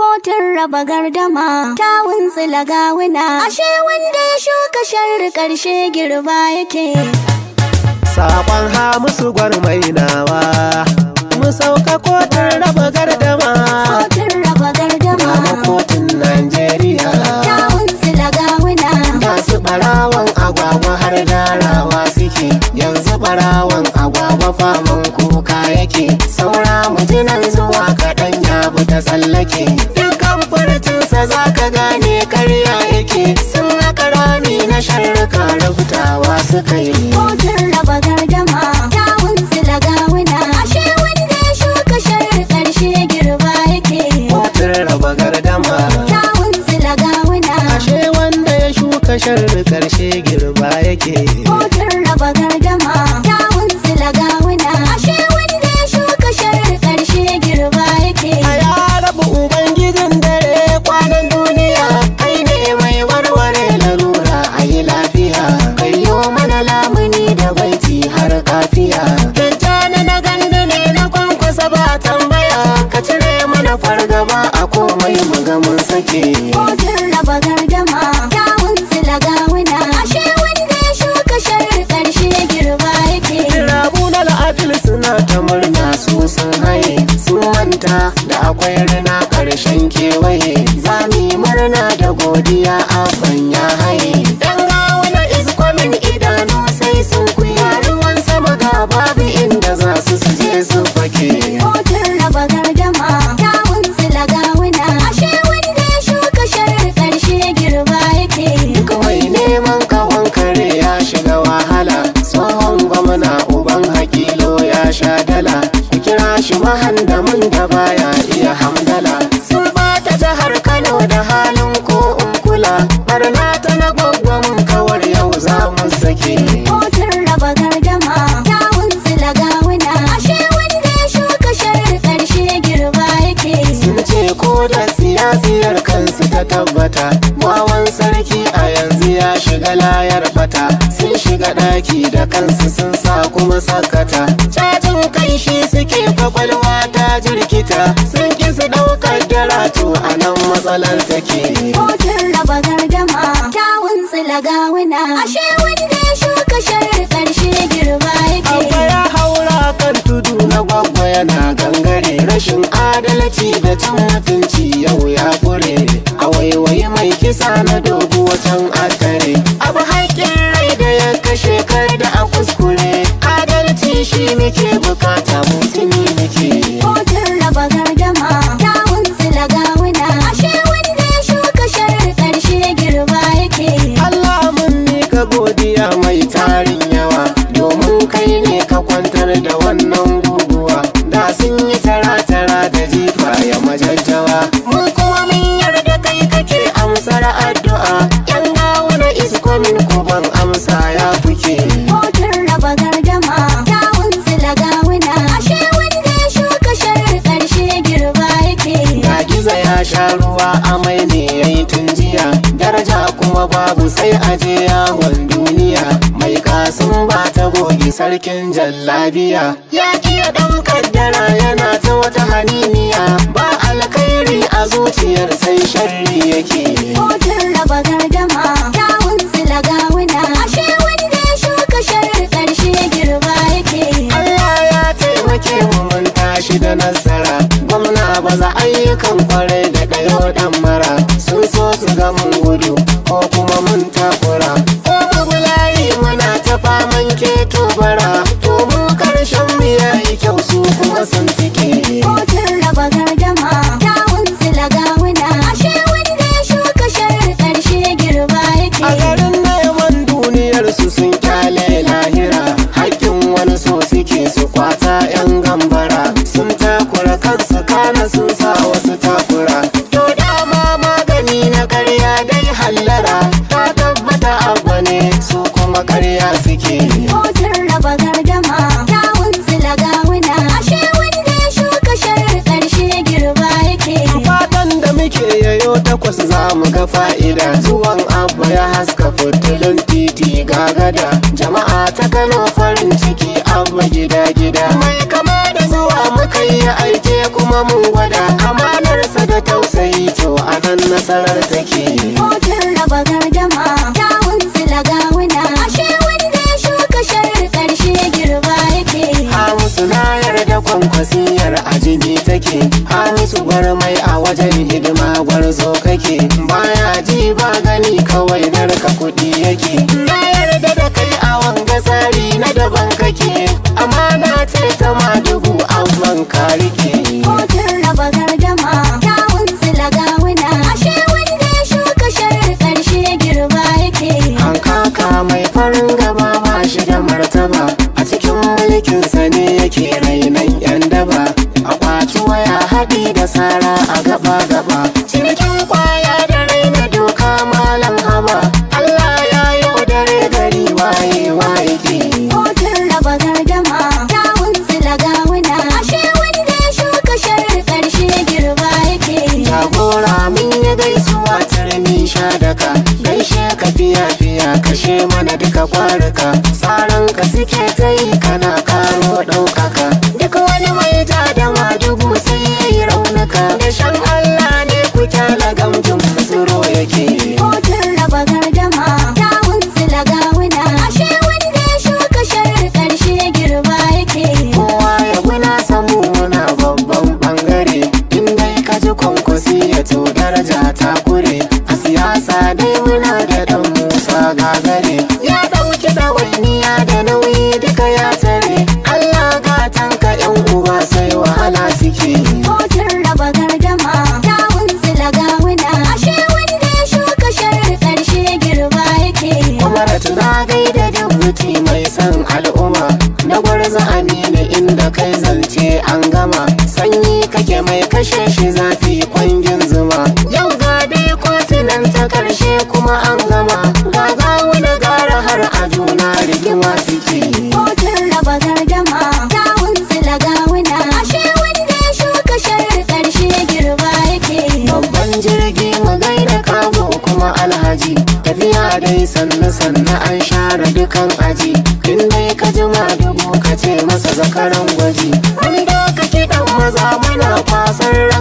kotun raba gardama ta wuntsi lagawuna ashe wanda ya shuka sharri ƙarshe girba yake sabon Hamisu musu nawa mu sauka kotun raba gardama yake dukan furtinsa za ka gane karya yake sun haka rami na sharruka rubutawa suka yi gaba a komai mu mun sake kotun raba gardama kyawun sila ashe wanda ya shuka sharar ƙarshe girba yake rabu na la'afil suna ta murna su sun haye sun manta da akwai rina ƙarshen kewaye za mu yi murna da godiya a shiga ɗaki da kansu sun sa kuma sakata cajin kai shi suke kwakwalwa ta jirkita sun ki su ɗaukar ratu a nan matsalar take kotun raba gardama kyawun tsila gawuna ashe wanda ya shuka shirin ƙarshe girma yake amma ya haura kan tudu na gwagwa yana gangare rashin adalci da cin mutunci yau ya kure a waiwayi mai kisa na dogo wajen shi nake bukata mutumi sha ruwa amai ne yayi tun jiya daraja kuma babu sai aje yawon duniya mai kasan ba ta goge sarkin jallabiya ya iya ɗaukar dara yana ta wata haniniya ba alkhairi a zuciyar sai sharri yake hotun raba gardama kyawun sila gawuna ashe wanda ya shuka sharri ƙarshe yake Allah ya taimake mu mun tashi da nasara gwamna baza ayyukan kwarai na sun sa wasu takura to dama magani na karya dai hallara ta tabbata abu ne su kuma karya suke hotun raba gardama kyawun zila gawuna ashe wanda ya shuka sharar karshe girba yake fatan da muke yayo takwas za mu ga fa'ida zuwan abu ya haska fitilun titi gagada jama'a ta kano mun gwada amanarsa da tausayi to a nan nasarar take hotun raba gardama kyawun silagawuna ashe wanda ya shuka sharar karshe girba yake hamisu na yarda kwankwasiyar a take. take hamisu mai a wajen hidima gwarzo kake baya ji ba gani kawai narka kuɗi yake na yarda da kai a wanga tsari na daban kake amana ce ta Oh, ka gaishe ka fiya fiya kashe mana duka kwaruka tsaron ka suke ta yi kana dai sanna sanna an share dukan aji in dai ka jima dubu ka ce masa zakaran gwaji wanda kake dan maza muna kwasar